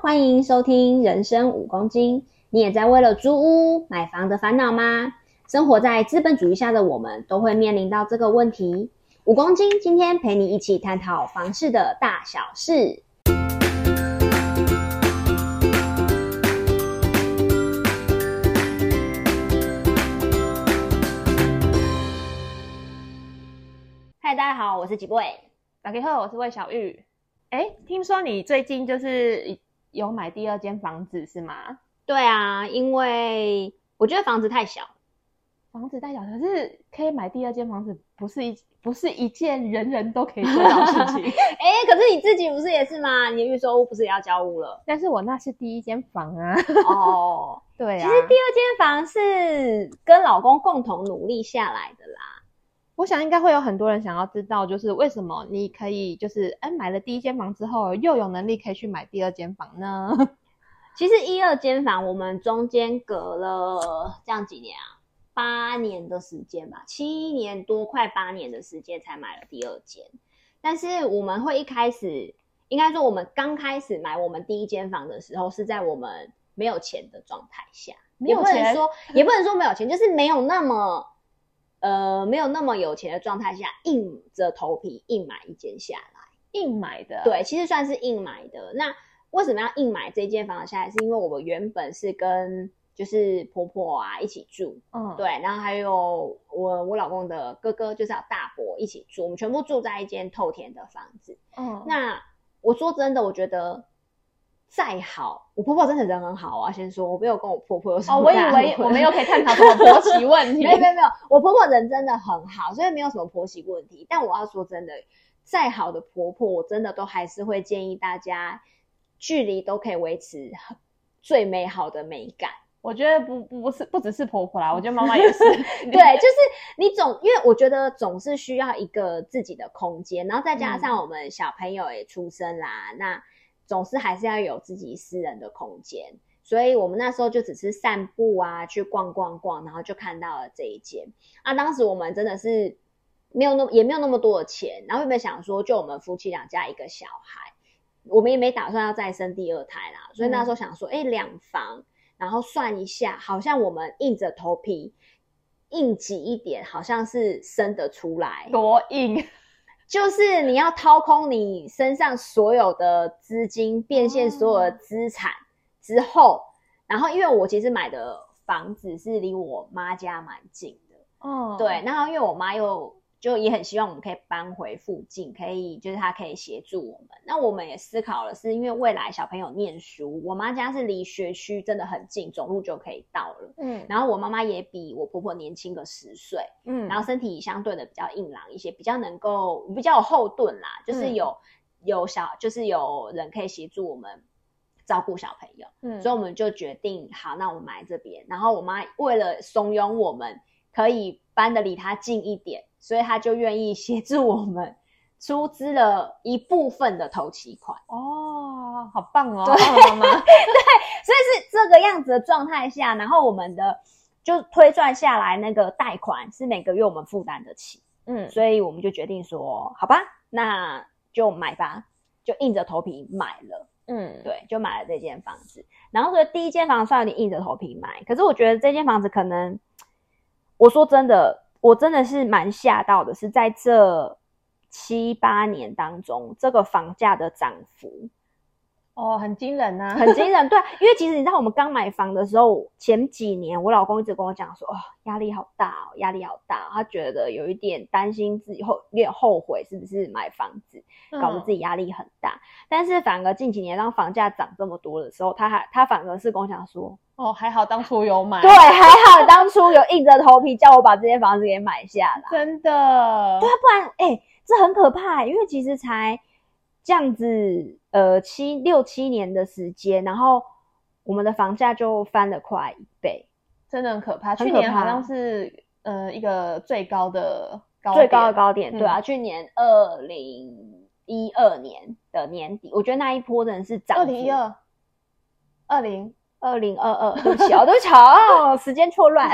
歡迎收聽《人生五公斤》，你也在為了租屋、買房的煩惱嗎？生活在資本主義下的我們，都會面臨到這個問題。五公斤今天陪你一起探討房事的大小事。嗨，大家好，我是幾位？大家好，我是魏小玉。哎，聽說你最近就是。有買第二間房子是嗎？對啊，因為我覺得房子太小，房子太小，可是可以買第二間房子，不是一不是一件人人都可以做到事情。哎、 欸，可是你自己不是也是嗎？你預說屋不是也要交屋了？但是我那是第一間房啊。哦 ，oh, 對啊，其實第二間房是跟老公共同努力下來的啦。我想應該會有很多人想要知道，就是為什麼你可以就是嗯買了第一間房之後，又有能力可以去買第二間房呢？其實一二間房我們中間隔了這樣幾年啊，八年的時間吧，七年多快八年的時間才買了第二間。但是我們會一開始應該說，我們剛開始買我們第一間房的時候，是在我們沒有錢的狀態下，沒有錢也說也不能說沒有錢，就是沒有那麼。呃，沒有那麼有錢的狀態下，硬着頭皮硬買一間下來，硬買的，對，其實算是硬買的。那為什麼要硬買這間房子下來？是因為我們原本是跟就是婆婆啊一起住，嗯，對，然後還有我我老公的哥哥，就是要大伯一起住，我們全部住在一間透天的房子。嗯，那我說真的，我覺得。再好，我婆婆真的人很好啊。先說我沒有跟我婆婆有什麼。哦，我以為我們又可以探討婆媳問題。 沒沒沒有，我婆婆人真的很好，所以沒有什麼婆媳問題。但我要說真的，再好的婆婆，我真的都還是會建議大家距離都可以維持最美好的美感。我覺得不不不是不只是婆婆啦，我覺得媽媽也是。 對，就是你總因為我覺得總是需要一個自己的空間，然後再加上我們小朋友也出生啦，那、嗯。總是還是要有自己私人的空間，所以我們那時候就只是散步啊，去逛逛逛，然後就看到了這一間啊。當時我們真的是沒有那麼，也沒有那麼多的錢，然後有沒有想說，就我們夫妻倆加一個小孩，我們也沒打算要再生第二胎啦。所以那時候想說，哎、嗯，兩、欸、房，然後算一下，好像我們硬着頭皮硬擠一點，好像是生得出來，多硬。就是你要掏空你身上所有的資金，變現所有的資產之後，嗯，然後因為我其實買的房子是離我媽家蠻近的，嗯，哦，對，然後因為我媽又。就也很希望我們可以搬回附近，可以就是他可以協助我們。那我們也思考了，是因為未來小朋友念書，我媽家是離學區真的很近，走路就可以到了。嗯，然後我媽媽也比我婆婆年輕個十歲，嗯，然後身體相對的比較硬朗一些，比較能夠比較有後盾啦，就是有、嗯、有小就是有人可以協助我們照顧小朋友。嗯，所以我們就決定，好，那我們來這邊。然後我媽為了慫恿我們可以。搬得離他近一點，所以他就願意協助我們，出資了一部分的頭期款。哦，好棒哦！對，所以是這個樣子的狀態下，然後我們的就推算下來，那個貸款是每個月我們負擔得起。嗯，所以我們就決定說，好吧，那就買吧，就硬着頭皮買了。嗯，對，就買了這間房子。然後說第一間房算你硬着頭皮買，可是我覺得這間房子可能。我說真的，我真的是蠻嚇到的。是在這七八年當中，這個房價的漲幅，哦，很驚人吶、啊， 很驚人。對、啊，因為其實你知道，我們剛買房的時候，前幾年我老公一直跟我講說，哦，壓力好大哦，壓力好大、哦，他覺得有一點擔心自己後有點後悔是不是買房子，搞得自己壓力很大。嗯、但是反而近幾年當房價漲這麼多的時候，他還他反而是跟我講說。哦，還好當初有買。 對，還好當初有硬着頭皮叫我把這間房子給買下來。真的。對啊，不然哎、欸，這很可怕、欸，因為其實才這樣子，呃，七六七年的時間，然後我們的房價就翻了快一倍，真的很可怕。可怕。去年好像是呃一個最高的高點。最高的高點，嗯、對啊，去年二零一二年的年底，我覺得那一波真的是漲。二零一二。二零。二零二二，巧、哦，都巧、 哦，時間錯亂。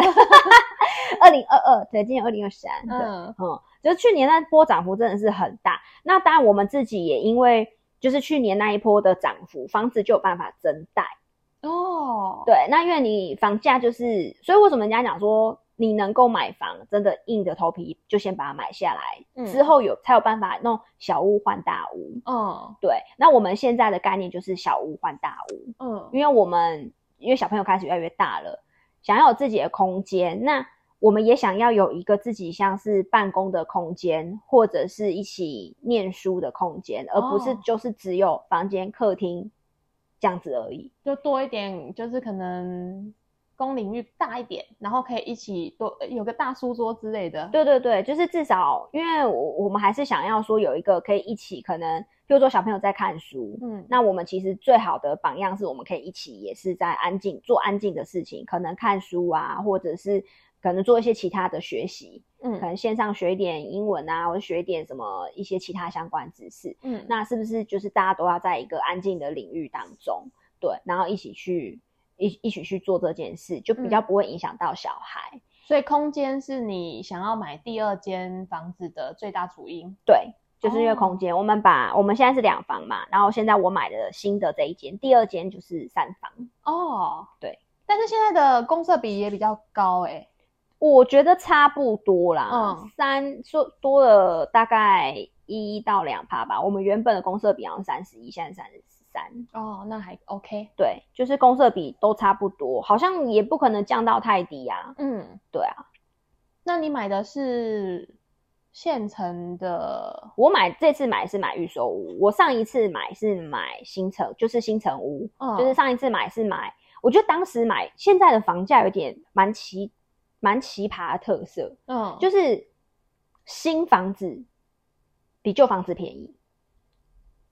二零二二，對，今年二零二三。嗯嗯，就是去年那波漲幅真的是很大。那當然，我們自己也因為就是去年那一波的漲幅，房子就有辦法增貸。哦，對，那因為你房價就是，所以為什麼人家講說，你能夠買房，真的硬着頭皮就先把它買下來，嗯。之後有才有辦法弄小屋換大屋。哦、嗯，對。那我們現在的概念就是小屋換大屋。嗯，因為我們因為小朋友開始越來越大了，想要有自己的空間，那我們也想要有一個自己像是辦公的空間，或者是一起念書的空間，而不是就是只有房間、客廳這樣子而已。哦，就多一點，就是可能。公領域大一點，然後可以一起都有個大書桌之類的。對對對，就是至少，因為我我們還是想要說有一個可以一起，可能比如說小朋友在看書，嗯，那我們其實最好的榜樣是我們可以一起，也是在安靜做安靜的事情，可能看書啊，或者是可能做一些其他的學習，嗯，可能線上學一點英文啊，或者學一點什麼一些其他相關知識，嗯，那是不是就是大家都要在一個安靜的領域當中，對，然後一起去。一一起去做這件事，就比較不會影響到小孩。嗯、所以空間是你想要買第二間房子的最大主因。對，就是因為空間。哦、我們把我們現在是兩房嘛，然後現在我買的新的這一間，第二間就是三房。哦，對。但是現在的公設比也比較高哎，欸，我覺得差不多啦。嗯，三說多了大概一到兩趴吧。我們原本的公設比好像三十一，現在三十四。哦，那還 OK，對，就是公設比都差不多，好像也不可能降到太低呀、啊。嗯，對啊。那你買的是現成的？我買這次買是買預售屋，我上一次買是買新成，就是新成屋，嗯、就是上一次買是買。我覺得當時買現在的房價有點蠻奇，蠻奇葩的特色。嗯，就是新房子比舊房子便宜。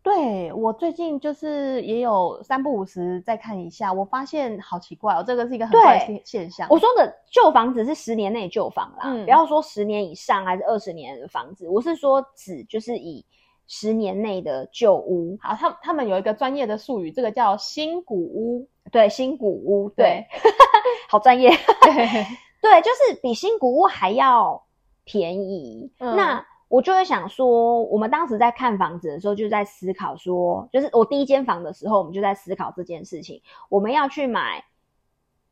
對，我最近就是也有三不五時再看一下，我發現好奇怪哦，這個是一個很怪現現象我說的舊房子是十年內舊房啦，嗯、不要說十年以上還是二十年的房子，我是說只就是以十年內的舊屋。好，他他們有一個專業的術語，這個叫新古屋，對，新古屋，對，對 好專業。 對，對，就是比新古屋還要便宜。嗯、那。我就會想說，我們當時在看房子的時候，就在思考說，就是我第一間房的時候，我們就在思考這件事情：我們要去買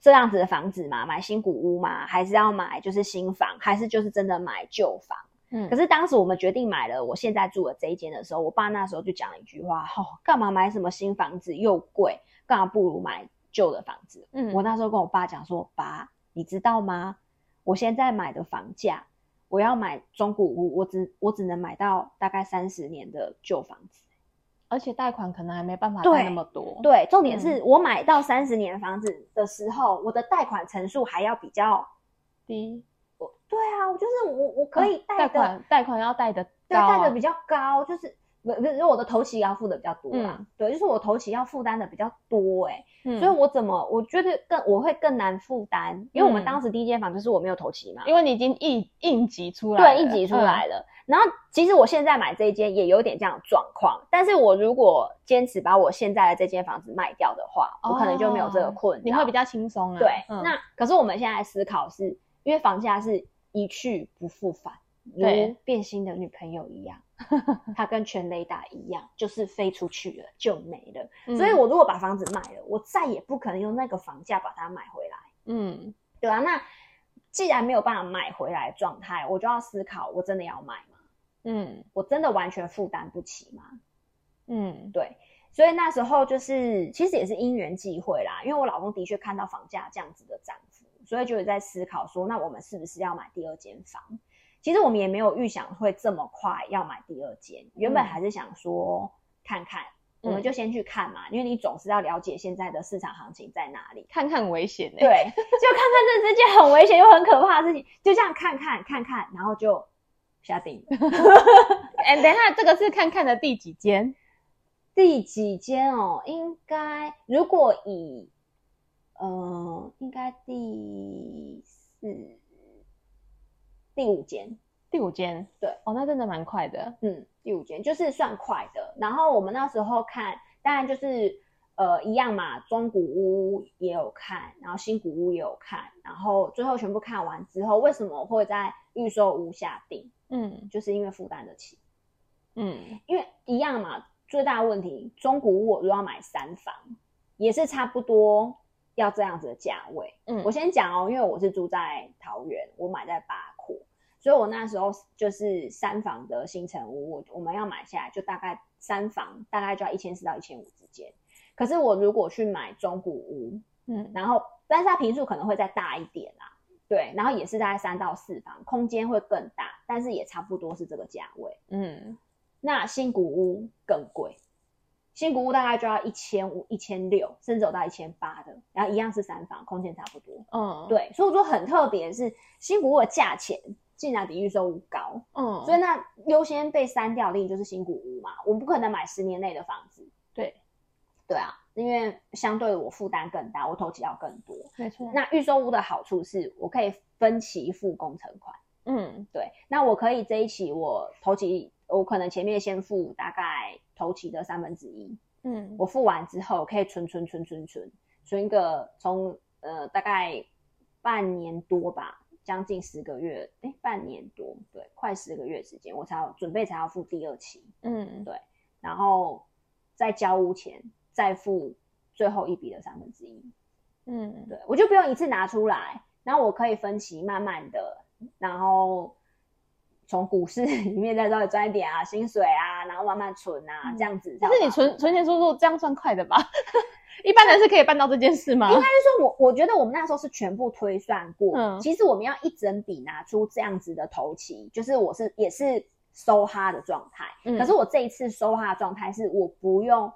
這樣子的房子嗎？買新古屋嗎？還是要買就是新房？還是就是真的買舊房？嗯。可是當時我們決定買了我現在住的這一間的時候，我爸那時候就講了一句話：吼，幹嘛買什麼新房子又貴？幹嘛不如買舊的房子？嗯。我那時候跟我爸講說：爸，你知道嗎？我現在買的房價。我要買中古屋，我只我只能買到大概三十年的舊房子，而且貸款可能還沒辦法貸那麼多對。對，重點是我買到三十年房子的時候，嗯、我的貸款成數還要比較低。嗯、我，對啊，就是我，我可以貸、啊、款貸款要貸的，對，貸的比較高，就是。不是，因為我的頭期要付的比較多啦。嗯，對，就是我頭期要負擔的比較多欸。嗯，所以，我怎麼我覺得更我會更難負擔，因為我們當時第一間房子就是我沒有頭期嘛，嗯，因為你已經應應急出來了，對，應急出來了。嗯，然後，其實我現在買這一間也有點這樣狀況，但是我如果堅持把我現在的這間房子賣掉的話，哦，我可能就沒有這個困，你會比較輕鬆啊。對，嗯，那可是我們現在思考是，因為房價是一去不復返，對，變心的女朋友一樣。 它跟全壘打一樣，就是飛出去了就沒了。嗯，所以，我如果把房子賣了，我再也不可能用那個房價把它買回來。嗯，對啊。那既然沒有辦法買回來的狀態，狀態我就要思考：我真的要買嗎？嗯，我真的完全負擔不起嗎？嗯，對。所以那時候就是，其實也是因緣際會啦。因為我老公的確看到房價這樣子的漲幅，所以就在思考說：那我們是不是要買第二間房？其實我們也沒有預想會這麼快要買第二間，嗯、原本還是想說看看，嗯、我們就先去看嘛，嗯、因為你總是要了解現在的市場行情在哪裡，看看危險呢、欸？對，就看看這是件很危險又很可怕的事情， 就這樣看看 看看，然後就下定。哎，等一下，這個是看看的第幾間？第幾間哦？應該如果以呃，應該第四。第五間，第五間，對哦，那真的蠻快的。嗯，第五間就是算快的。然後我們那時候看，當然就是呃一樣嘛，中古屋也有看，然後新古屋也有看，然後最後全部看完之後，為什麼我會在預售屋下定？嗯，就是因為負擔得起。嗯，因為一樣嘛，最大問題，中古屋我如果要買三房，也是差不多要這樣子的價位。嗯，我先講哦，因為我是住在桃園，我買在八。所以，我那時候就是三房的新成屋，我我們要買下來，就大概三房大概就要一千四到一千五之間。可是我如果去買中古屋，嗯，嗯，然後但是它坪數可能會再大一點啦，對，然後也是大概三到四房，空間會更大，但是也差不多是這個價位，嗯。那新古屋更貴，新古屋大概就要一千五、一千六，甚至有到一千八的，然後一樣是三房，空間差不多，嗯，對。所以我說很特別的是新古屋的價錢竟然比預售屋高，嗯，所以那優先被刪掉的，就是新古屋嘛。我不可能買十年內的房子，對，對啊，因為相對我負擔更大，我頭期要更多。沒錯。那預售屋的好處是我可以分期付工程款，嗯，對。那我可以這一期我頭期我可能前面先付大概頭期的三分之一，嗯，我付完之後可以存存存存存存，存一個從呃大概半年多吧。將近十個月，哎，半年多，對，快十個月時間，我才要準備才要付第二期，嗯，對，然後在交屋前再付最後一筆的三分之一，嗯，對，我就不用一次拿出來，然後我可以分期慢慢的，然後從股市裡面再稍微賺一點啊，薪水啊，然後慢慢存啊，嗯、這樣子。但是你存存錢速度這樣算快的吧？ 一般人是可以辦到這件事嗎？應該是說，我我覺得我們那時候是全部推算過。嗯，其實我們要一整筆拿出這樣子的頭期，就是我是也是梭哈的狀態。嗯，可是我這一次梭哈的狀態是我不用，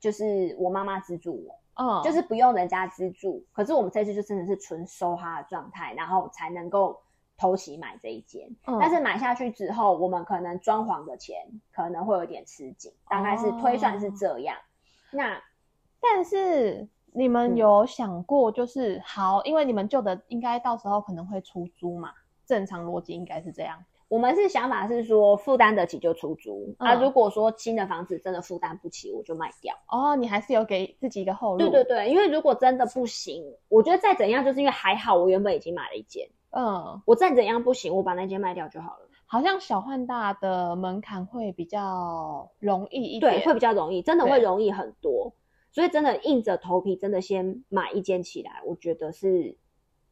就是我媽媽資助我，嗯、哦、就是不用人家資助。可是我們這次就真的是純梭哈的狀態，然後才能夠頭期買這一間。嗯，但是買下去之後，我們可能裝潢的錢可能會有點吃緊，大概是、哦、推算是這樣。那但是你們有想過，就是、嗯、好，因為你們舊的應該到時候可能會出租嘛，正常邏輯應該是這樣。我們是想法是說，負擔得起就出租，而、嗯啊、如果說新的房子真的負擔不起，我就賣掉。哦，你還是有給自己一個後路。對對對，因為如果真的不行，我覺得再怎樣，就是因為還好我原本已經買了一間，嗯，我再怎樣不行，我把那間賣掉就好了。好像小換大的門檻會比較容易一點，對，會比較容易，真的會容易很多。所以真的硬着頭皮，真的先買一間起來，我覺得是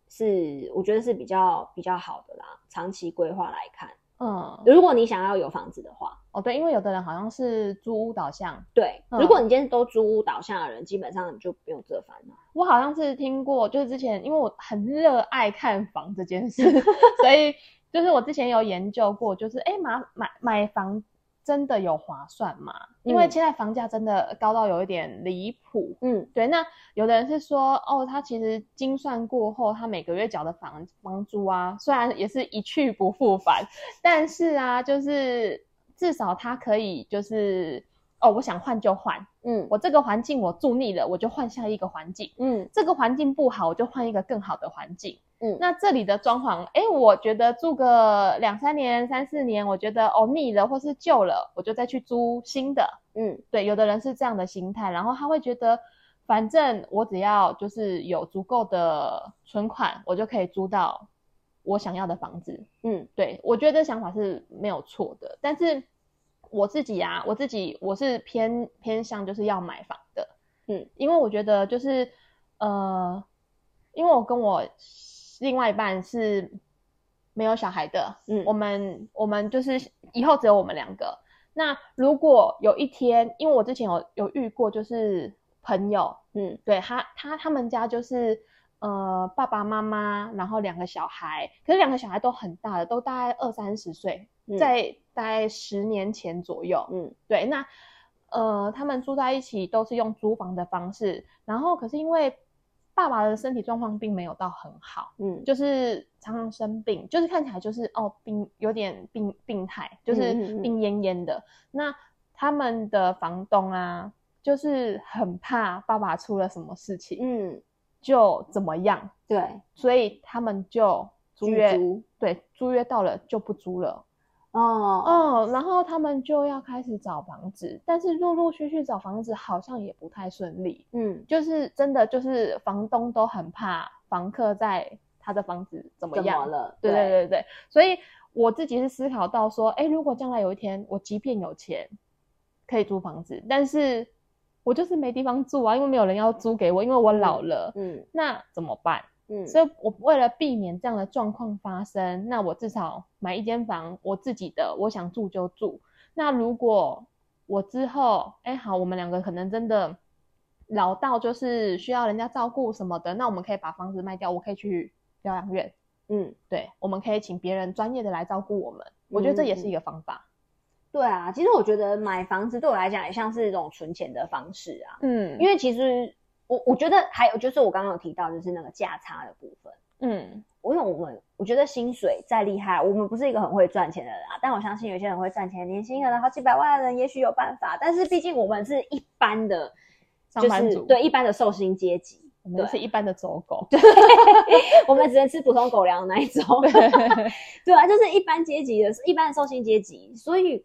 是，我覺得是比較比較好的啦。長期規劃來看，嗯，如果你想要有房子的話，哦，對，因為有的人好像是租屋導向，對。如果你今天都租屋導向的人，嗯、基本上你就不用這番了。我好像是聽過，就是之前因為我很熱愛看房這件事， 所以就是我之前有研究過，就是哎、欸、買買買房。真的有划算嗎？因為現在房價真的高到有一點離譜，嗯，對。那有的人是說，哦，他其實精算過後，他每個月繳的房房租啊，雖然也是一去不復返，但是啊，就是至少他可以就是，哦，我想換就換，嗯，我這個環境我住膩了，我就換下一個環境，嗯，這個環境不好，我就換一個更好的環境。嗯，那這裡的裝潢，誒我覺得住個兩三年、三四年，我覺得哦膩了或是舊了，我就再去租新的。嗯，對，有的人是這樣的心態，然後他會覺得，反正我只要就是有足夠的存款，我就可以租到我想要的房子。嗯，對，我覺得想法是沒有錯的，但是我自己啊，我自己我是偏偏向就是要買房的。嗯，因為我覺得就是呃，因為我跟我。另外一半是沒有小孩的，嗯，我們我們就是以後只有我們兩個。那如果有一天，因為我之前有有遇過，就是朋友，嗯，對他他他們家就是呃爸爸媽媽，然後兩個小孩，可是兩個小孩都很大的，都大概二三十歲，嗯，在大概十年前左右，嗯，對，那呃他們住在一起都是用租房的方式，然後可是因為。爸爸的身體狀況並沒有到很好，嗯，就是常常生病，就是看起來就是哦病有點病病態，就是病懨懨的。嗯嗯、那他們的房東啊，就是很怕爸爸出了什麼事情，嗯，就怎麼樣？對，所以他們就租約，對，租約到了就不租了。哦、oh, 嗯、哦，然後他們就要開始找房子，但是陸陸續續找房子好像也不太順利。嗯，就是真的就是房東都很怕房客在他的房子怎麼樣，怎麼了？對對對，對，對，對。所以我自己是思考到說，哎，如果將來有一天我即便有錢可以租房子，但是我就是沒地方住啊，因為沒有人要租給我，因為我老了。嗯，嗯，那怎麼辦？嗯，所以我為了避免這樣的狀況發生，那我至少買一間房，我自己的，我想住就住。那如果我之後，哎、欸，好，我們兩個可能真的老到就是需要人家照顧什麼的，那我們可以把房子賣掉，我可以去療養院。嗯，對，我們可以請別人專業的來照顧我們。我覺得這也是一個方法。嗯嗯。對啊，其實我覺得買房子對我來講也像是一種存錢的方式啊。嗯，因為其實。我我覺得還有就是我剛剛有提到就是那個價差的部分，嗯，因為我，我們我覺得薪水再厲害，我們不是一個很會賺錢的人啊。但我相信有些人會賺錢，年薪可能好幾百萬的人也許有辦法，但是畢竟我們是一般的，就是、上班族，對，一般的受薪階級，我們是一般的走狗，對， 我們只能吃普通狗糧的那一種， 對啊，就是一般階級的，一般的受薪階級，所以。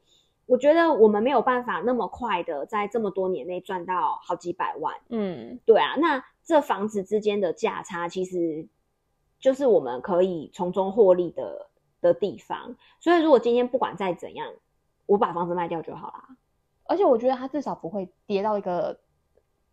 我覺得我們沒有辦法那麼快的在這麼多年內賺到好幾百萬，嗯，對啊，那這房子之間的價差其實就是我們可以從中獲利的的地方。所以如果今天不管再怎樣，我把房子賣掉就好了。而且我覺得它至少不會跌到一個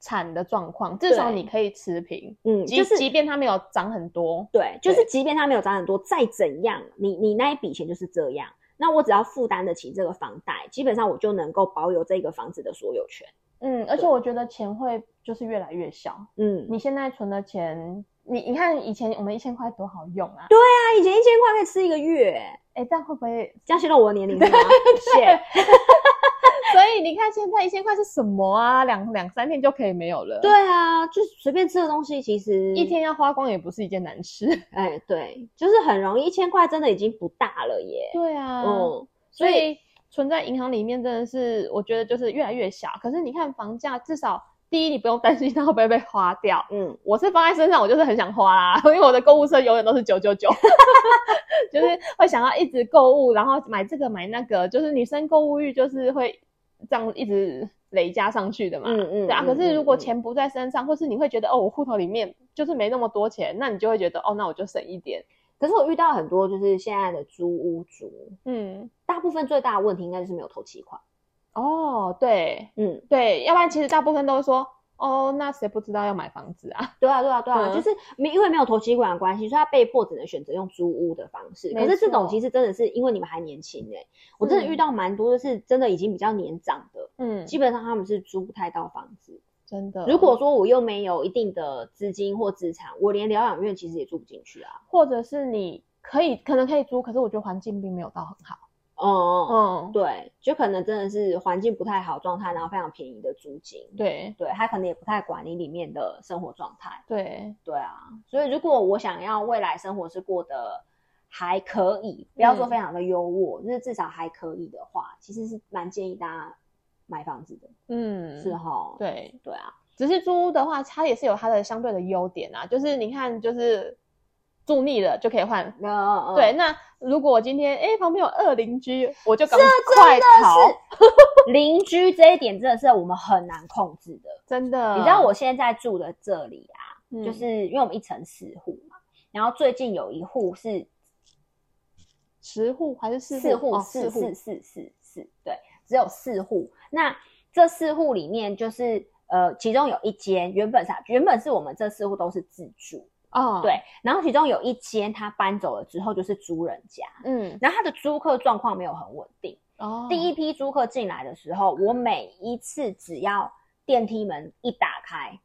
慘的狀況，至少你可以持平，對即嗯，就是即便它沒有漲很多，對，就是即便它沒有漲很多，對再怎樣，你你那一筆錢就是這樣。那我只要負擔得起這個房貸，基本上我就能夠保有這個房子的所有權。嗯，對而且我覺得錢會就是越來越小。嗯，你現在存的錢，你你看以前我們一千塊多好用啊。對啊，以前一千塊可以吃一個月，欸。哎，欸，這樣會不會？這樣現在我的年齡。哈哈哈。所以你看，現在一千塊是什麼啊？兩兩三天就可以沒有了。對啊，就隨便吃的東西，其實一天要花光也不是一件難事。哎、欸，對，就是很容易，一千塊真的已經不大了耶。對啊，嗯，所以，所以存在銀行裡面真的是，我覺得就是越來越小。可是你看，房價至少第一，你不用擔心它會不會被花掉。嗯，我是放在身上，我就是很想花啦，因為我的購物車永遠都是九九九， 就是會想要一直購物，然後買這個買那個，就是女生購物慾就是會。這樣一直累加上去的嘛，嗯嗯，對啊。嗯、可是如果錢不在身上，嗯、或是你會覺得、嗯、哦，我戶頭裡面就是沒那麼多錢，那你就會覺得哦，那我就省一點。可是我遇到很多就是現在的租屋族，嗯，大部分最大的問題應該就是沒有頭期款。哦，對，嗯，對，要不然其實大部分都是說。哦，oh, 那誰不知道要買房子啊？對啊，對，啊對啊，對啊、嗯，對啊，就是沒因為沒有頭期款的關係，所以他被迫只能選擇用租屋的方式。可是這種其實真的是因為你們還年輕誒、欸、錯我真的遇到蠻多的是真的已經比較年長的，嗯，基本上他們是租不太到房子，真的、嗯。如果說我又沒有一定的資金或資產，我連療養院其實也住不進去啊，或者是你可以可能可以租，可是我覺得環境並沒有到很好。嗯嗯，嗯對，就可能真的是環境不太好，狀態，然後非常便宜的租金，對對，他可能也不太管你裡面的生活狀態，對對啊，所以如果我想要未來生活是過得還可以，不要說非常的優渥，就、嗯、是至少還可以的話，其實是蠻建議大家買房子的，嗯，是吼，對對啊，只是租屋的話，它也是有它的相對的優點啊，就是你看就是。住膩了就可以換。Uh, uh, 對，那如果今天哎、欸、旁邊有惡鄰居，我就趕快逃。鄰 居這一點真的是我們很難控制的，真的。你知道我現在住的這裡啊，嗯、就是因為我們一層四戶嘛，然後最近有一戶是十戶還是四戶戶、哦？四戶，四戶，四四四四。對，只有四戶。那這四戶裡面就是呃，其中有一間原本啥？原本是我們這四戶都是自住。哦，oh. 對，然後其中有一間他搬走了之後就是租人家，嗯，然後他的租客狀況沒有很穩定。哦，oh. 第一批租客進來的時候，我每一次只要電梯門一打開，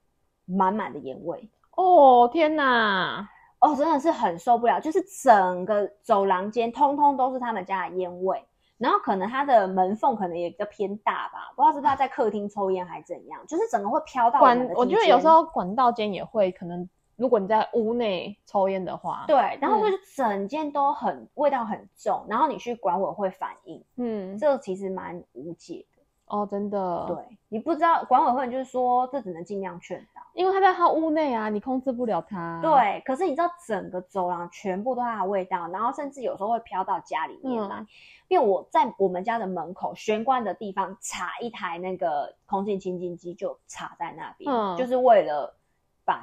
滿滿的煙味。哦，oh, 天哪，哦，oh, 真的是很受不了，就是整個走廊間通通都是他們家的煙味。然後可能他的門縫可能也比較偏大吧，不知道是，是他在客廳抽煙還是怎樣，就是整個會飄到。管我覺得有時候管道間也會可能。如果你在屋內抽煙的話，對，然後就是整間都很、嗯、味道很重，然後你去管委會反映，嗯，這個其實蠻無解的哦，真的。對，你不知道管委會就是說，這只能盡量勸導，因為他在他屋內啊，你控制不了他。對，可是你知道整個走廊全部都是他的味道，然後甚至有時候會飄到家裡面來，嗯、因為我在我們家的門口、玄關的地方插一台那個空氣清新機，就插在那邊，嗯、就是為了。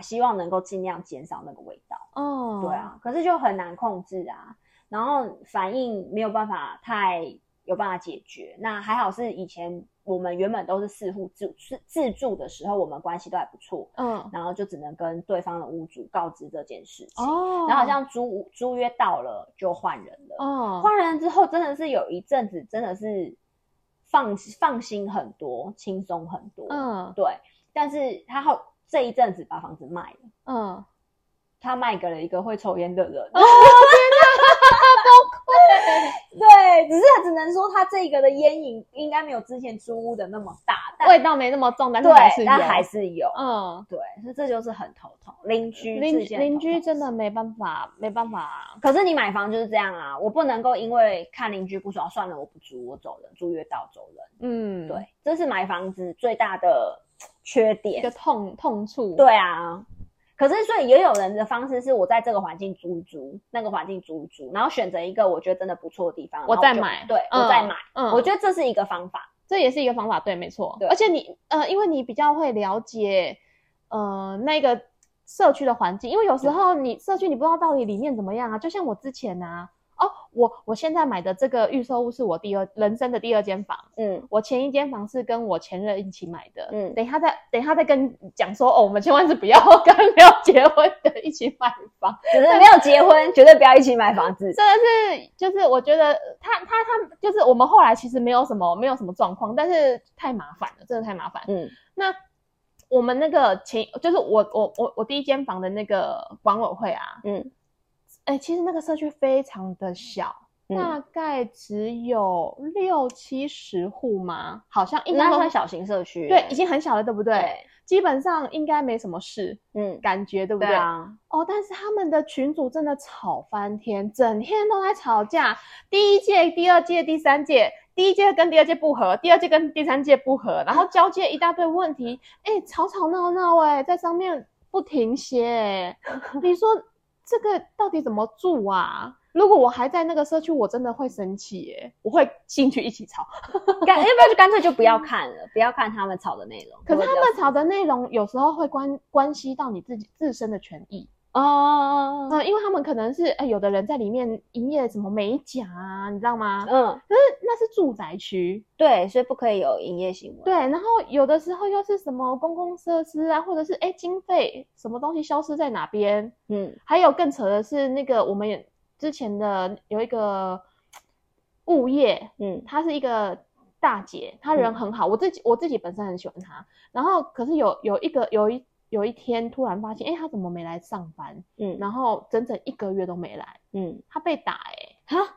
希望能夠盡量減少那個味道。哦，oh. 對啊，可是就很難控制啊。然後反應沒有辦法太有辦法解決。那還好是以前我們原本都是四戶自自自住的時候，我們關係都還不錯。嗯，oh. 然後就只能跟對方的屋主告知這件事情。哦，oh. 然後好像租租約到了就換人了。哦，換人之後真的是有一陣子，真的是放放心很多，輕鬆很多。嗯，oh. 對。但是他後。這一陣子把房子賣了，嗯，他賣給了一個會抽煙的人。哦哈哈，崩潰、 啊！對，只是只能說他這個的煙癮應該沒有之前租屋的那麼大，味道沒那麼重，但是，還是但還是有，嗯，對，所以這就是很頭疼。鄰、嗯、居之前，鄰鄰居真的沒辦法，沒辦法、啊。可是你買房就是這樣啊，我不能夠因為看鄰居不爽，算了，我不租，我走人，租約到走人。嗯，對，這是買房子最大的。缺點就痛痛處，對啊，可是所以也有人的方式是我在這個環境租一租，那個環境租一租，然後選擇一個我覺得真的不錯的地方，我，我再買，對，嗯、我再買，嗯，我覺得這是一個方法，這也是一個方法，對，沒錯，對，而且你呃，因為你比較會了解呃那個社區的環境，因為有時候你社區你不知道到底裡面怎麼樣啊，就像我之前啊。哦，我我現在買的這個預售屋是我第二人生的第二間房，嗯，我前一間房是跟我前任一起買的，嗯等，等一下再等一下再跟你講說，哦，我們千萬是不要跟沒有結婚的一起買房，就是沒有結婚、嗯、絕對不要一起買房子，真的是就是我覺得他他他就是我們後來其實沒有什麼沒有什麼狀況，但是太麻煩了，真的太麻煩，嗯，那我們那個前就是我我我我第一間房的那個管委會啊，嗯。哎，其實那個社區非常的小，嗯、大概只有六七十戶嗎？嗯、好像應該都算小型社區。對，對對已經很小了，對不對？對基本上應該沒什麼事，嗯，感覺對不對，對啊？哦，但是他們的群組真的吵翻天，整天都在吵架。第一屆、第二屆、第三屆，第一屆跟第二屆不合，第二屆跟第三屆不合，然後交接一大堆問題，哎、嗯，吵吵鬧鬧哎，在上面不停歇哎， 你說。這個到底怎麼住啊？如果我還在那個社區，我真的會生氣耶！我會進去一起吵。 幹，要不要就乾脆就不要看了， 不要看他們吵的內容。可是他們吵的內容 有時候會關關係到你自己自身的權益。哦，哦、oh, 嗯，因為他們可能是哎、欸，有的人在裡面營業，什麼美甲啊，你知道嗎？嗯，可是那是住宅區，對，所以不可以有營業行為。對，然後有的時候又是什麼公共設施啊，或者是哎、欸，經費什麼東西消失在哪邊？嗯，還有更扯的是那個我們之前的有一個物業，嗯，她是一個大姐，她人很好，嗯、我自己我自己本身很喜歡她。然後可是有有一個有一。有一天突然發現，哎、欸，他怎麼沒來上班？嗯，然後整整一個月都沒來。嗯，他、欸，他被打，哎，哈，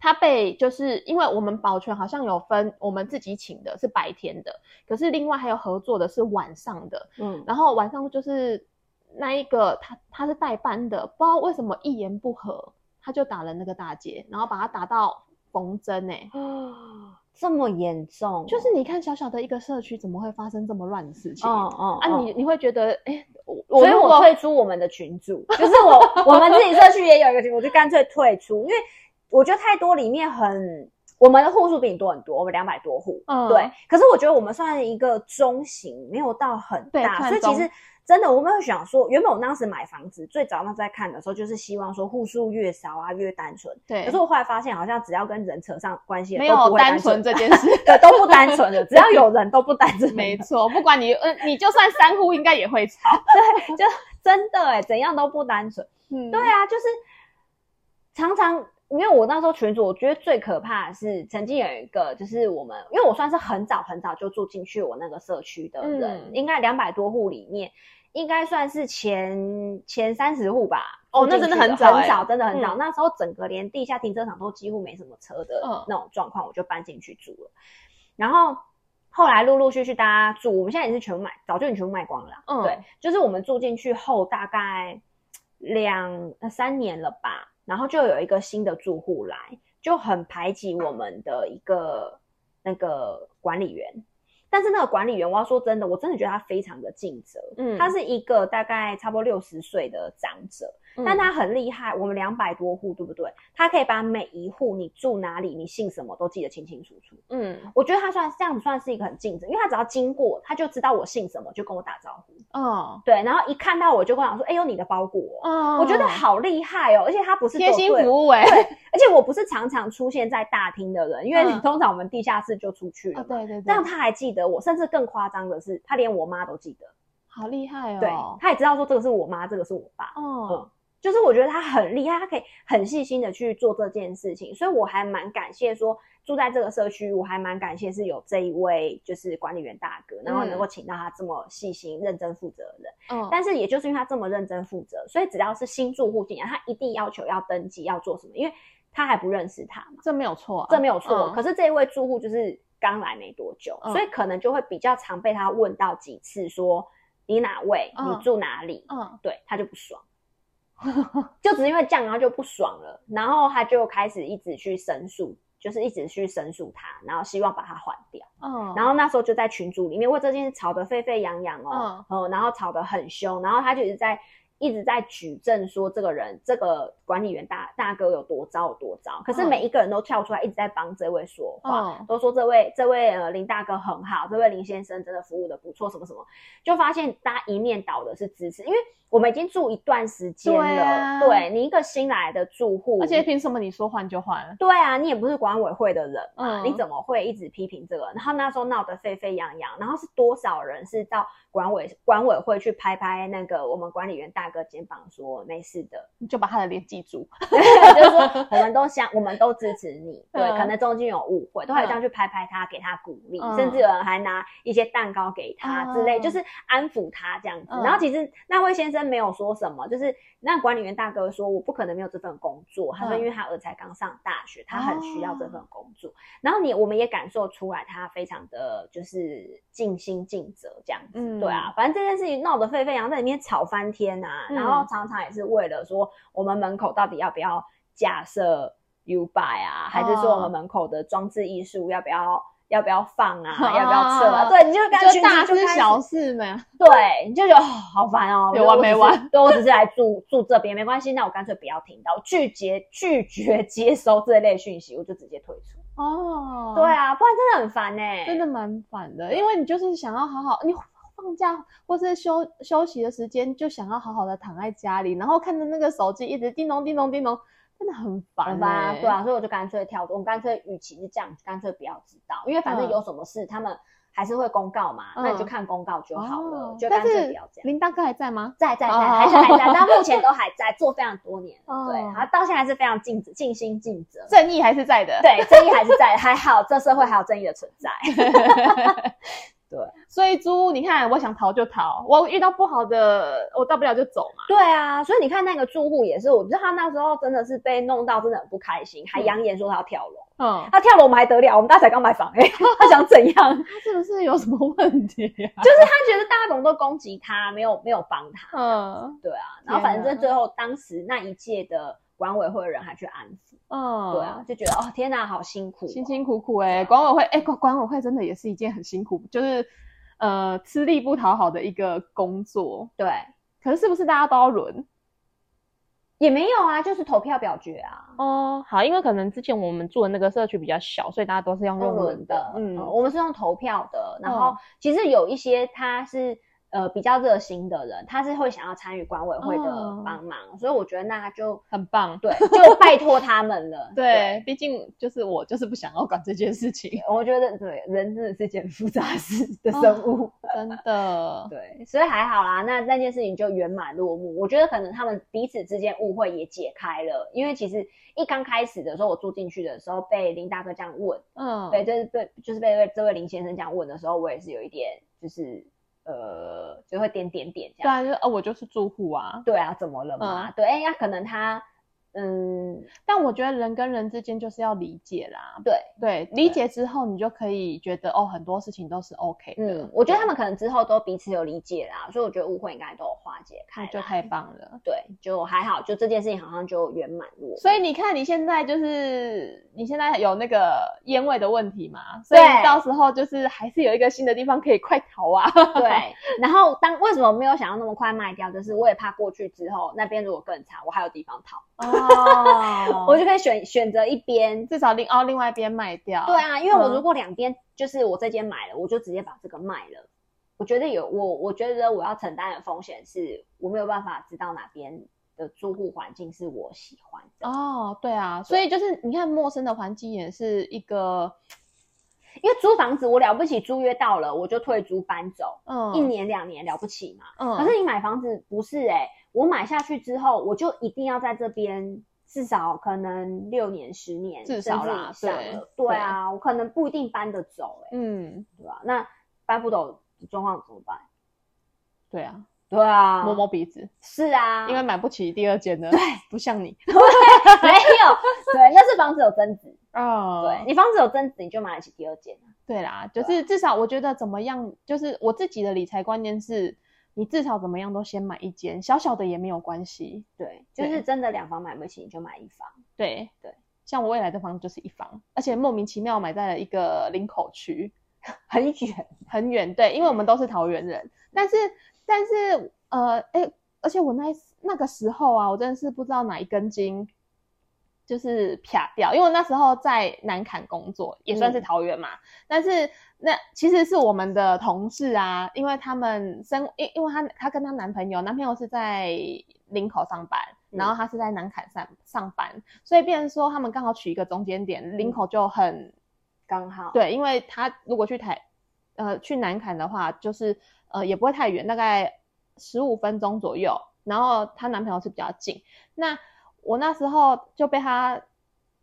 他被，就是因為我們保全好像有分，我們自己請的是白天的，可是另外還有合作的是晚上的，嗯，然後晚上就是那一個他，他是代班的，不知道為什麼一言不合他就打了那個大姐，然後把他打到縫針、欸，哎。這麼嚴重，就是你看小小的一個社區，怎麼會發生這麼亂的事情？哦哦、嗯，嗯嗯、啊，你你會覺得，哎、欸，我所以我退出我們的群組，就是我 我們自己社區也有一個群，我就乾脆退出，因為我覺得太多裡面很，我們的戶數比你多很多，我們兩百多戶，嗯、對，可是我覺得我們算一個中型，沒有到很大，對，所以其實。真的，我們會想說，原本我當時買房子，最早那在看的時候，就是希望說戶數越少啊，越單純。對。可是我後來發現，好像只要跟人扯上關係，沒有單純這件事， 對，都不單純的。只要有人 都不單純。沒錯，不管你，呃，你就算三戶，應該也會吵。 對，就真的誒、欸、怎樣都不單純。嗯。對啊，就是常常。因為我那時候群組，我覺得最可怕的是曾經有一個，就是我們因為我算是很早很早就住進去我那個社區的人，嗯、應該兩百多戶裡面，應該算是前前三十戶吧。哦，那真的很，欸、很早，真的很早，真的很早，那時候整個連地下停車場都幾乎沒什麼車的那種狀況，我就搬進去住了。嗯、然後後來陸陸續續大家住，我們現在也是全部賣，早就已經全部賣光了啦。嗯、對，就是我們住進去後大概兩三年了吧。然後就有一個新的住戶來，就很排擠我們的一個那個管理員。但是那個管理員，我要說真的，我真的覺得他非常的盡責。嗯，他是一個大概差不多六十歲的長者。但他很厲害，嗯、我們兩百多戶，對不對？他可以把每一戶你住哪裡、你姓什麼都記得清清楚楚。嗯，我覺得他算這樣子算是一個很盡職，因為他只要經過，他就知道我姓什麼，就跟我打招呼。哦、嗯，對，然後一看到我就跟我說：“哎、欸、呦，你的包裹。嗯”哦，我覺得好厲害哦，而且他不是貼心服務誒、欸。對，而且我不是常常出現在大廳的人，因為你通常我們地下室就出去了、嗯哦。對對對，這樣他還記得我，甚至更誇張的是，他連我媽都記得，好厲害哦。對，他也知道說這個是我媽，這個是我爸。嗯。嗯就是我覺得他很厲害，他可以很細心的去做這件事情，所以我還蠻感謝說住在這個社區，我還蠻感謝是有這一位就是管理員大哥，嗯、然後能夠請到他這麼細心、認真、負責的人。嗯，但是也就是因為他這麼認真負責，所以只要是新住戶進來，他一定要求要登記要做什麼，因為他還不認識他嘛。這沒，啊、這沒有錯，這沒有錯。可是這一位住戶就是剛來沒多久，嗯、所以可能就會比較常被他問到幾次說，說、嗯、你哪位？嗯、你住哪裡？嗯，對，他就不爽。 就只是因為這樣，然後就不爽了，然後他就開始一直去申訴，就是一直去申訴他，然後希望把他換掉。Oh. 然後那時候就在群組裡面，為這件事吵得沸沸揚揚哦，Oh. 嗯，然後吵得很凶，然後他就是在。一直在舉證說這個人這個管理員大大哥有多糟有多糟，可是每一個人都跳出來、嗯、一直在幫這位說話，嗯、都說這位這位呃林大哥很好，這位林先生真的服務的不錯，什麼什麼，就發現大家一面倒的是支持，因為我們已經住一段時間了，嗯、對你一個新來的住戶，而且憑什麼你說換就換？對啊，你也不是管委會的人，嗯、你怎麼會一直批評這個？然後那時候鬧得沸沸揚揚，然後是多少人是到管委管委會去拍拍那個我們管理員大？大哥肩膀說沒事的，你就把他的臉記住， 就是說我們都想，我們都支持你。對，嗯、可能中間有誤會，都還這樣去拍拍他，給他鼓勵，嗯、甚至有人還拿一些蛋糕給他之類，嗯、就是安撫他這樣子。嗯、然後其實那位先生沒有說什麼，就是那管理員大哥說我不可能沒有這份工作，嗯、他說因為他兒才剛上大學，他很需要這份工作。嗯、然後你我們也感受出來，他非常的就是盡心盡責這樣子。嗯、對啊，反正這件事情鬧得沸沸揚揚，在裡面吵翻天啊。然後常常也是為了說，我們門口到底要不要架設 YouBike 啊，還是說我們門口的裝置藝術要不要要不要放啊，要不要撤啊？對，你就乾脆大事小事嘛。對，你就覺得好煩哦，有完沒完？對，我只是來住住這邊，沒關係。那我乾脆不要聽到，拒絕拒絕接收這類訊息，我就直接退出。哦，對啊，不然真的很煩哎，真的蠻煩的，因為你就是想要好好你。放假或是休休息的時間，就想要好好的躺在家裡，然後看着那個手機一直叮咚叮咚叮咚，真的很煩、欸、吧？對啊，所以我就乾脆跳動，乾脆，與其是這樣，乾脆不要知道，因為反正有什麼事，他們還是會公告嘛。嗯、那你就看公告就好了，哦、就乾脆不要講。是林大哥還在嗎？在在在，在在哦、還在還在，但目前都還在做非常多年。哦、對，然後到現在是非常盡職盡心盡責，正義還是在的。對，正義還是在，還好這社會還有正義的存在。 對，所以租你看，我想逃就逃，我遇到不好的，我大不了就走嘛。對啊，所以你看那個住戶也是，我覺得他那時候真的是被弄到真的很不開心，還揚言說他要跳樓，嗯。嗯，他跳樓我們還得了，我們大才剛買房哎，欸、呵呵他想怎樣？他是不是有什麼問題？啊？就是他覺得大家都攻擊他，沒有沒有幫他。嗯，對啊，然後反正最後，啊、當時那一屆的。管委會的人還去安撫，嗯、哦，對啊，就覺得哦，天哪，好辛苦、哦，辛辛苦苦哎、欸，管委會哎、欸，管管委會真的也是一件很辛苦，就是呃，吃力不討好的一個工作，對。可是，是不是大家都要輪？也沒有啊，就是投票表決啊。哦，好，因為可能之前我們住的那個社區比較小，所以大家都是用用輪的，嗯，嗯嗯我們是用投票的。然後其實有一些它是。呃，比較熱心的人，他是會想要參與管委會的幫忙，oh. 所以我覺得那他就很棒，對，就拜託他們了。 對，畢竟就是我就是不想要管這件事情。我覺得對，人真的是件複雜事的生物，oh. 真的。對，所以還好啦，那那件事情就圓滿落幕。我覺得可能他們彼此之間誤會也解開了，因為其實一剛開始的時候，我住進去的時候被林大哥這樣問，嗯，oh. 對，對，對，就是被就是被這位林先生這樣問的時候，我也是有一點就是。呃，就會點點點這樣。對啊，就啊、是哦，我就是住戶啊。對啊，怎麼了嘛？嗯、對，哎，那可能他。嗯，但我覺得人跟人之間就是要理解啦。對對，對，理解之後，你就可以覺得哦，很多事情都是 OK 的。嗯，對我覺得他們可能之後都彼此有理解啦，所以我覺得誤會應該都有化解，看，就太棒了。對，就還好，就這件事情好像就圓滿了。所以你看，你現在就是你現在有那個煙味的問題嘛，所以你到時候就是還是有一個新的地方可以快逃啊。對。 然後當為什麼沒有想要那麼快賣掉，就是我也怕過去之後那邊如果更差，我還有地方逃。啊 我就可以選選擇一邊，至少另哦另外一邊賣掉。對啊，因為我如果兩邊、嗯、就是我這間買了，我就直接把這個賣了。我覺得有我，我覺得我要承擔的風險是我沒有辦法知道哪邊的租戶環境是我喜歡的。哦，對啊，對所以就是你看，陌生的環境也是一個，因為租房子我了不起，租約到了我就退租搬走，嗯，一年兩年了不起嘛，嗯，可是你買房子不是哎、欸。我買下去之後，我就一定要在這邊，至少可能六年、十年，至少啦，對，對啊，我可能不一定搬得走，嗯，對吧？那搬不走的狀況怎麼辦？對啊，對啊，摸摸鼻子，是啊，因為買不起第二間呢，對，不像你，沒有，對，那是房子有增值。哦對，你房子有增值，你就買得起第二間。對啦，就是至少我覺得怎麼樣，就是我自己的理財觀念是。你至少怎麼樣都先買一間小小的也沒有關係，對，對就是真的兩房買不起你就買一房，對對，對像我未來的房子就是一房，而且莫名其妙我買在了一個林口區，很遠很遠，對，因為我們都是桃園人、嗯但，但是但是呃哎、欸，而且我那那個時候啊，我真的是不知道哪一根筋就是啪掉，因為我那時候在南崁工作也算是桃園嘛，嗯、但是。那其實是我們的同事啊，因為他們生，因因為她她跟她男朋友，男朋友是在林口上班，然後她是在南崁上上班，嗯、所以變成說他們剛好取一個中間點，嗯、林口就很剛好。對，因為她如果去台，呃，去南崁的話，就是呃也不會太遠，大概十五分鐘左右，然後她男朋友是比較近。那我那時候就被他。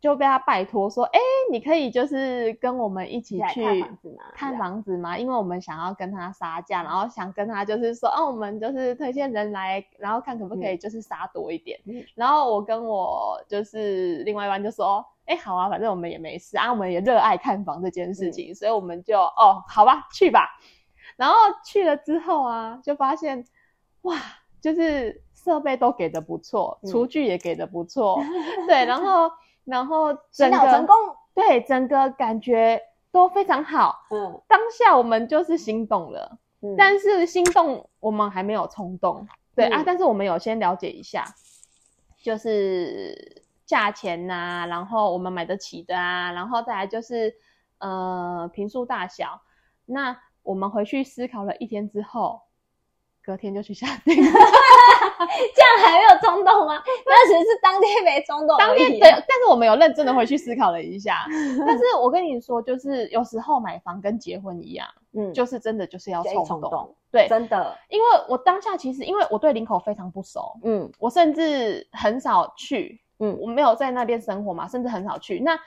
就被他拜託說：“誒、欸、你可以就是跟我們一起去看房子嗎？看房子嗎？因為我們想要跟他殺價，然後想跟他就是說，哦、啊，我們就是推薦人來，然後看可不可以就是殺多一點。嗯、然後我跟我就是另外一半就說，哎、欸，好啊，反正我們也沒事啊，我們也熱愛看房這件事情，嗯、所以我們就哦，好吧，去吧。然後去了之後啊，就發現哇，就是設備都給得不錯，嗯、廚具也給得不錯，嗯、對，然後。” 然後整個對整個感覺都非常好。嗯，當下我們就是心動了，嗯、但是心動我們還沒有衝動。嗯、對啊，但是我們有先了解一下，嗯、就是價錢吶、啊，然後我們買得起的啊，然後再來就是呃，坪數大小。那我們回去思考了一天之後。隔天就去下定，這樣還沒有衝動嗎？那只 是，是當天沒衝動、啊、當天，對，但是我們有認真的回去思考了一下。 但是我跟你說，就是有時候買房跟結婚一樣，嗯，就是真的就是要衝動，動，對，真的。因為我當下其實因為我對林口非常不熟，嗯，我甚至很少去，嗯，我沒有在那邊生活嘛，甚至很少去。那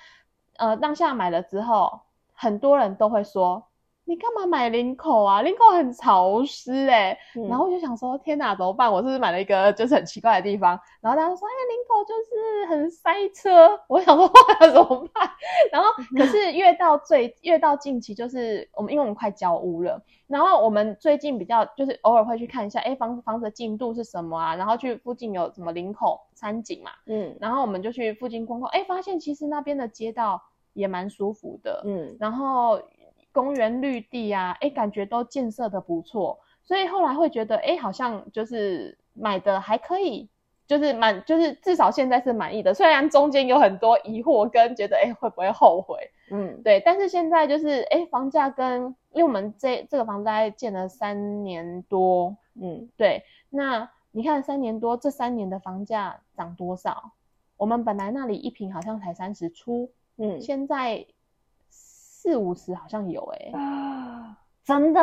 呃當下買了之後，很多人都會說。你幹嘛買林口啊？林口很潮濕哎、欸，嗯、然後我就想說，天哪，怎麼辦？我是不是買了一個就是很奇怪的地方？然後他說，哎，林口就是很塞車。我想說哈哈，怎麼辦？然後可是越到最越 到近期，就是我們因為我們快交屋了，然後我們最近比較就是偶爾會去看一下，哎，房子房子的進度是什麼啊？然後去附近有什麼林口山景嘛？嗯，然後我們就去附近逛逛，哎，發現其實那邊的街道也蠻舒服的，嗯，然後。公園綠地啊，哎、欸，感覺都建設的不錯，所以後來會覺得，哎、欸，好像就是買的還可以，就是滿，就是至少現在是滿意的。雖然中間有很多疑惑跟覺得，哎、欸，會不會後悔？嗯，對。但是現在就是，哎、欸，房價跟因為我們這這個房子，大概建了三年多，嗯，對。那你看三年多，這三年的房價漲多少？我們本來那裡一坪好像才三十出，嗯，現在。四五十，好像有哎、欸啊，真的。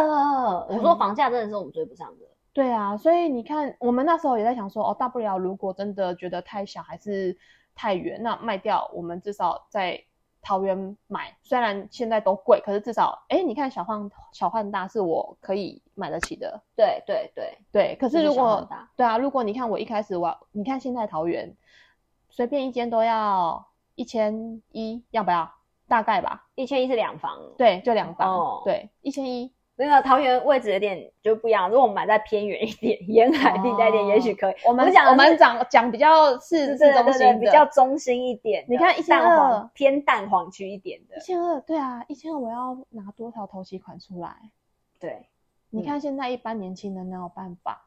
我說房價真的是我們追不上的、嗯。對啊，所以你看，我們那時候也在想說，哦，大不了如果真的覺得太小還是太遠，那賣掉，我們至少在桃園買。雖然現在都貴，可是至少，哎、欸，你看小換小換大是我可以買得起的。對對對對，可是如果是對啊，如果你看我一開始我，你看現在桃園隨便一間都要一千一，要不要？大概吧，一千一是兩房，對，就兩房，哦、對，一千一，那個桃園位置有點就不一樣。如果我們買在偏遠一點、沿海地帶一點，也許可以。哦、我們講我們講講比較是市中心，比較中心一點。對對對，一點你看一千二，偏蛋黃區一點的，一千二，對啊，一千二我要拿多少頭期款出來？對，你看現在一般年輕人沒有辦法，嗯、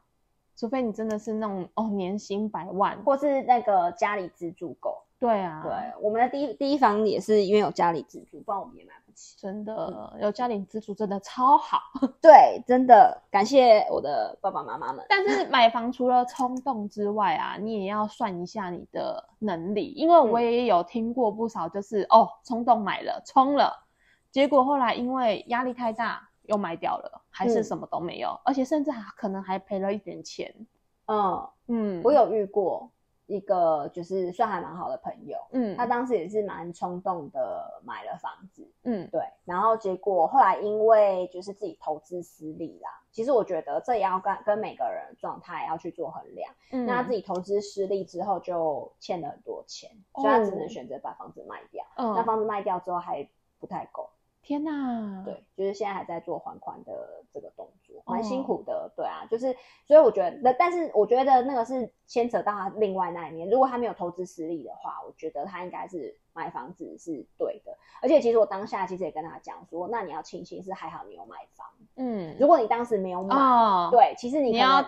除非你真的是那種哦年薪百萬，或是那個家裡資助夠。對啊，對，我們的第一第一房也是因為有家裡資助，不然我們也買不起。真的、嗯、有家裡資助，真的超好。對，真的感謝我的爸爸媽媽們。但是買房除了衝動之外啊， 你也要算一下你的能力，因為我也有聽過不少，就是、嗯、哦，衝動買了，衝了，結果後來因為壓力太大又賣掉了，還是什麼都沒有，嗯、而且甚至還可能還賠了一點錢。嗯嗯，嗯，我有遇過。一個就是算還蠻好的朋友，嗯，他當時也是蠻衝動的買了房子，嗯，對，然後結果後來因為就是自己投資失利啦，其實我覺得這也要跟跟每個人狀態要去做衡量，嗯，那他自己投資失利之後就欠了很多錢，嗯，所以他只能選擇把房子賣掉，嗯，哦，那房子賣掉之後還不太夠。天吶，對，就是現在還在做還款的這個動作，蠻辛苦的。哦、對啊，就是所以我覺得，但是我覺得那個是牽扯到他另外那一面。如果他沒有投資實力的話，我覺得他應該是買房子是對的。而且其實我當下其實也跟他講說，那你要慶幸是還好你有買房。嗯，如果你當時沒有買，哦、對，其實你你要。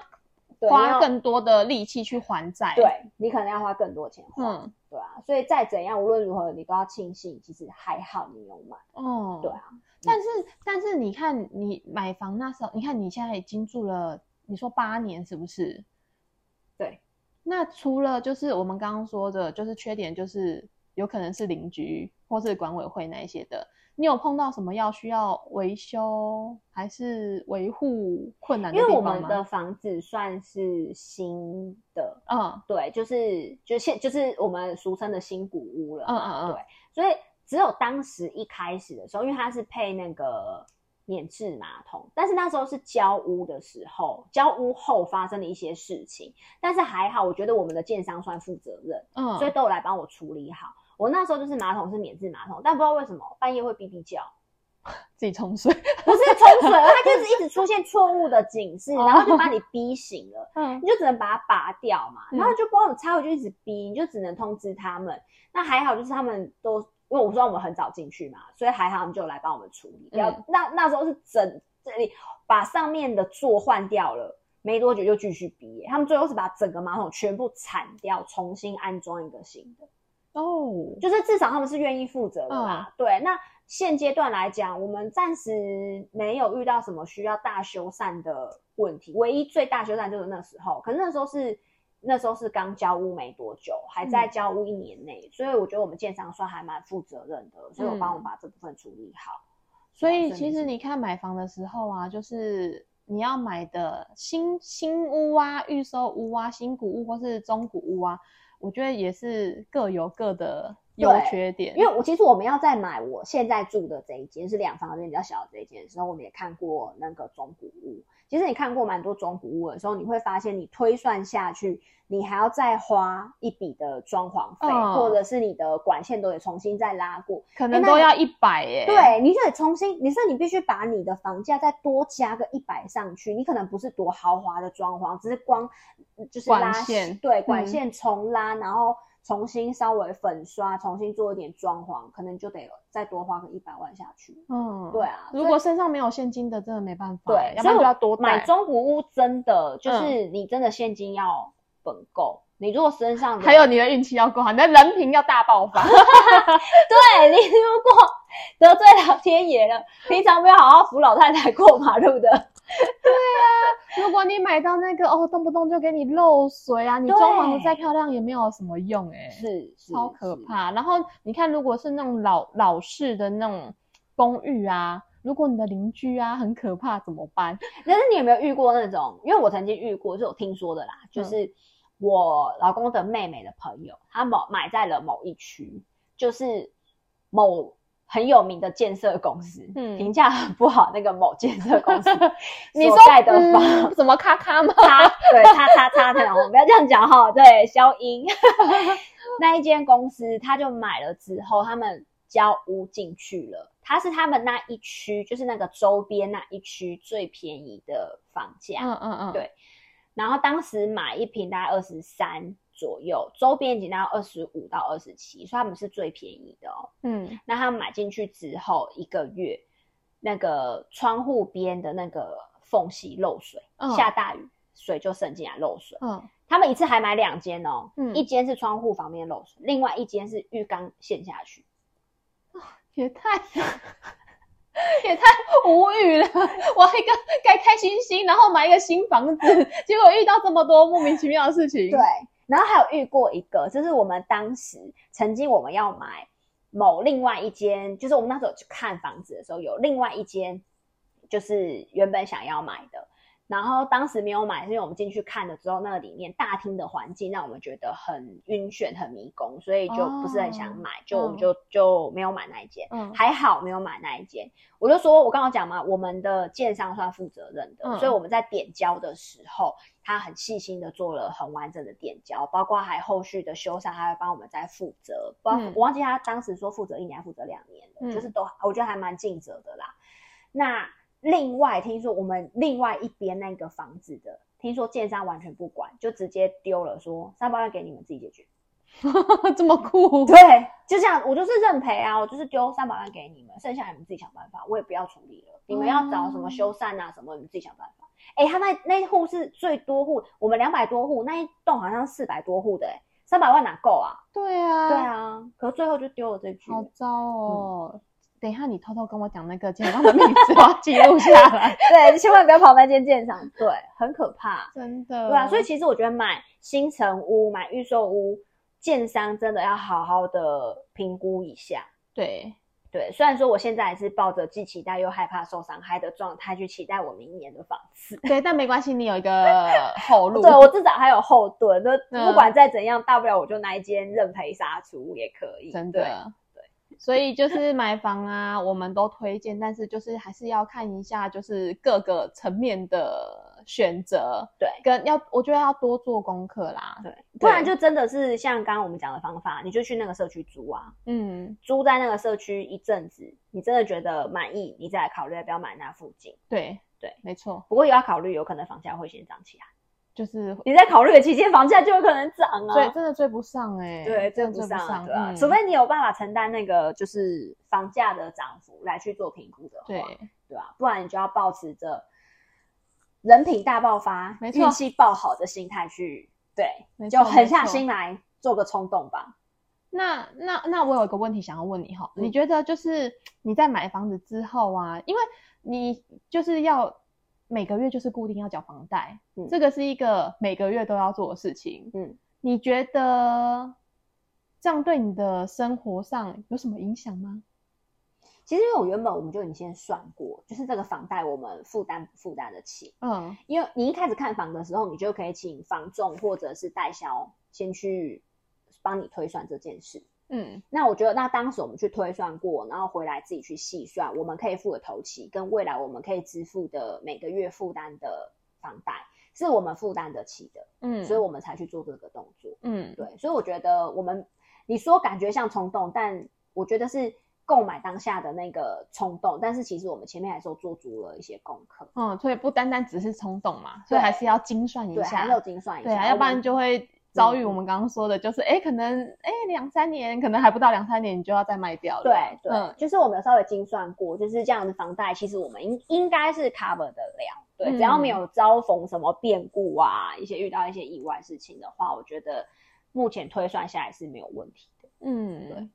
花更多的力氣去還債，對，對你可能要花更多錢花，嗯、對啊，所以再怎樣，無論如何，你都要慶幸，其實還好你有買。哦、嗯，對啊，但是但是你看，你買房那時候，你看你現在已經住了，你說八年是不是？對，那除了就是我們剛剛說的，就是缺點就是有可能是鄰居或是管委會那一些的。你有碰到什麼要需要維修還是維護困難的地方嗎？因為我們的房子算是新的，嗯，對，就是就現就是我們俗稱的新古屋了，嗯嗯嗯，對，所以只有當時一開始的時候，因為它是配那個免治馬桶，但是那時候是交屋的時候，交屋後發生了一些事情，但是還好，我覺得我們的建商算負責任，嗯，所以都有來幫我處理好。我那時候就是馬桶是免治馬桶，但不知道為什麼半夜會嗶嗶叫，自己沖水不是沖水， 它就是一直出現錯誤的警示， 然後就把你逼醒了，嗯，你就只能把它拔掉嘛，然後就幫我們插回去，一直逼，你就只能通知他們。嗯、那還好，就是他們都因為我說我們很早進去嘛，所以還好，他們就來幫我們處理。要、嗯、那那時候是整這裡把上面的座換掉了，沒多久就繼續逼、欸。他們最後是把整個馬桶全部鏟掉，重新安裝一個新的。哦，oh, 就是至少他們是願意負責的嘛。哦啊、對，那現階段來講，我們暫時沒有遇到什麼需要大修繕的問題。唯一最大修繕就是那時候，可是那時候是那時候是剛交屋沒多久，還在交屋一年內，嗯、所以我覺得我們建商算還蠻負責任的，所以我幫我們把這部分處理好、嗯。所以其實你看買房的時候啊，就是你要買的新新屋啊、預售屋啊、新古屋或是中古屋啊。我覺得也是各有各的優缺點，因為我其實我們要再買我現在住的這一間是兩房間比較小的這一間的時候，我們也看過那個中古屋。其實你看過蠻多中古屋的時候，你會發現你推算下去。你還要再花一筆的裝潢費，嗯、或者是你的管線都得重新再拉過，可能都要一百耶。對，你就得重新，你說你必須把你的房價再多加個一百上去。你可能不是多豪華的裝潢，只是光就是拉線，對，管線重拉，嗯、然後重新稍微粉刷，重新做一點裝潢，可能就得再多花個一百萬下去。嗯，對啊，如果身上沒有現金的，真的沒辦法、欸。對，要不然就要多買，對，買中古屋，真的就是你真的現金要。嗯本夠，你如果身上還有你的運氣要夠好，你人品要大爆發。 對 你如果得罪老天爺了，平常沒有好好扶老太太過馬路的。 對啊，如果你買到那個哦動不動就給你漏水啊，對你裝潢的再漂亮也沒有什麼用哎對，是超可怕。然後你看，如果是那種老老式的那種公寓啊，如果你的鄰居啊很可怕怎麼辦？但是你有沒有遇過那種？因為我曾經遇過，就是我聽說的啦，就是。嗯我老公的妹妹的朋友，他某買在了某一區，就是某很有名的建設公司，評價、嗯、很不好那個某建設公司， 你說蓋的房什、嗯、麼咔咔嗎？他對，他他他，我們不要這樣講哈、哦。對，消音。 那一間公司，他就買了之後，他們交屋進去了。他是他們那一區，就是那個周邊那一區最便宜的房價。嗯嗯嗯，對。然後當時買一瓶大概二十三左右，周邊已經大概二十五到二十七，所以他們是最便宜的哦。嗯，那他們買進去之後一個月，那個窗戶邊的那個縫隙漏水，下大雨、哦、水就滲進來漏水。嗯、哦，他們一次還買兩間哦，嗯，一間是窗戶旁邊漏水，另外一間是浴缸陷下去，也別太。 也太無語了！我還剛開開心心，然後買一個新房子，結果遇到這麼多莫名其妙的事情。 對，然後還有遇過一個，就是我們當時曾經我們要買某另外一間，就是我們那時候去看房子的時候，有另外一間就是原本想要買的。然後當時沒有買，是因為我們進去看了之後，那個裡面大廳的環境讓我們覺得很暈眩、很迷宮，所以就不是很想買，哦、就我們、嗯、就就沒有買那一間。嗯、還好沒有買那一間。我就說，我剛剛講嘛，我們的建商算負責任的，嗯、所以我們在點交的時候，他很細心的做了很完整的點交，包括還後續的修繕，他會幫我們再負責。包、嗯、我忘記他當時說負責一年，還負責兩年的，嗯、就是都我覺得還蠻盡責的啦。那。另外聽說我們另外一邊那個房子的，聽說建商完全不管，就直接丟了說，說三百萬給你們自己解決， 這麼酷？對，就這樣，我就是認賠啊，我就是丟三百萬給你們，剩下，你們自己想辦法，我也不要處理了，哦、你們要找什麼修繕啊什麼，你們自己想辦法。哎、欸，他那那戶是最多戶，我們兩百多戶，那一棟好像四百多戶的、欸，哎，三百萬哪夠啊？對啊，對啊，可是最後就丟了這句。好糟哦。嗯等一下，你偷偷跟我講那個建商的名字， 我要記錄下來。 對，千萬不要跑那間建商，對，很可怕，真的。對啊，所以其實我覺得買新成屋、買預售屋，建商真的要好好的評估一下。對對，雖然說我現在還是抱着既期待又害怕受傷害的狀態去期待我明年的房子。對，但沒關係，你有一個後路。 對，我至少還有後盾，那不管再怎樣，大不了我就那一間認賠殺出也可以。真的。 所以就是買房啊，我們都推薦，但是就是還是要看一下，就是各個層面的選擇。對，跟要，我覺得要多做功課啦。對，不對然就真的是像剛剛我們講的方法，你就去那個社區租啊。嗯，租在那個社區一陣子，你真的覺得滿意，你再來考慮要不要買那附近。對對，對對沒錯。不過也要考慮，有可能房價會先漲起來。就是你在考慮的期間，房價就有可能漲啊，對，真的追不上哎，對，追不上對吧？除非你有辦法承擔那個就是房價的漲幅來去做評估的話，對對吧？不然你就要抱持着人品大爆發、運氣沒錯爆好的心態去，對，沒錯就狠下心來做個衝動吧。那那沒錯那，那那我有一個問題想要問你哈，嗯，你覺得就是你在買房子之後啊，因為你就是要。每個月就是固定要繳房貸，嗯，這個是一個每個月都要做的事情。嗯，你覺得這樣對你的生活上有什麼影響嗎？其實，因為我原本我們就已經算過，就是這個房貸我們負擔不負擔得起。嗯，因為你一開始看房的時候，你就可以請房仲或者是代銷先去幫你推算這件事。嗯，那我覺得，那當時我們去推算過，然後回來自己去細算，我們可以付的頭期跟未來我們可以支付的每個月負擔的房貸，是我們負擔得起的，嗯，所以我們才去做這個動作，嗯，對，所以我覺得我們你說感覺像衝動，但我覺得是購買當下的那個衝動，但是其實我們前面還是做足了一些功課，嗯，所以不單單只是衝動嘛，對所以還是要精算一下，對，還要精算一下，對啊，要不然就會。遭遇我們剛剛說的，就是哎，可能哎，兩三年，可能還不到兩三年，你就要再賣掉了。對對，對嗯、就是我們有稍微精算過，就是這樣的房貸，其實我們應應該是 cover 得了。對，嗯、只要沒有遭逢什麼變故啊，一些遇到一些意外事情的話，我覺得目前推算下來是沒有問題的。嗯，對。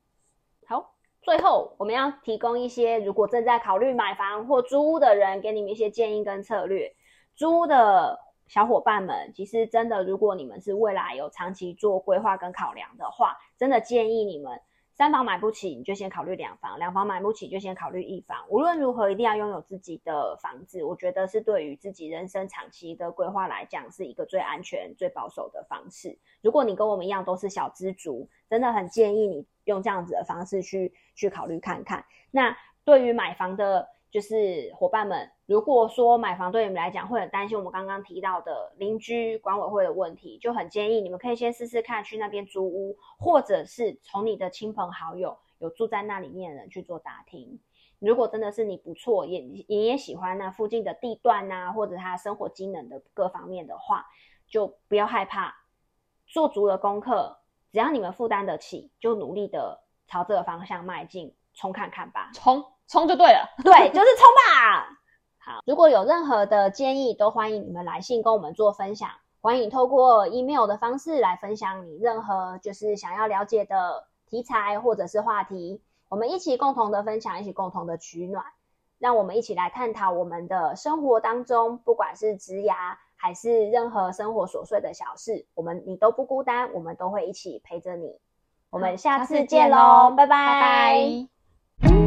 好，最後我們要提供一些，如果正在考慮買房或租屋的人，給你們一些建議跟策略。租屋的。小夥伴們，其實真的，如果你們是未來有長期做規劃跟考量的話，真的建議你們，三房買不起，你就先考慮兩房；兩房買不起，就先考慮一房。無論如何，一定要擁有自己的房子。我覺得是對於自己人生長期的規劃來講，是一個最安全、最保守的方式。如果你跟我們一樣都是小資族，真的很建議你用這樣子的方式去去考慮看看。那對於買房的。就是夥伴們，如果說買房對你們來講會很擔心，我們剛剛提到的鄰居管委會的問題，就很建議你們可以先試試看去那邊租屋，或者是從你的親朋好友有住在那裡面的人去做打聽。如果真的是你不錯，也你也喜歡那附近的地段吶、啊，或者他生活機能的各方面的話，就不要害怕，做足了功課，只要你們負擔得起，就努力的朝這個方向邁進，衝看看吧，衝！衝就對了，對，就是衝吧。 好，如果有任何的建議，都歡迎你們來信跟我們做分享，歡迎透過 email 的方式來分享你任何就是想要了解的題材或者是話題，我們一起共同的分享，一起共同的取暖，讓我們一起來探討我們的生活當中，不管是職涯還是任何生活瑣碎的小事，我們你都不孤單，我們都會一起陪着你。好我們下次見嘍，拜拜。拜拜。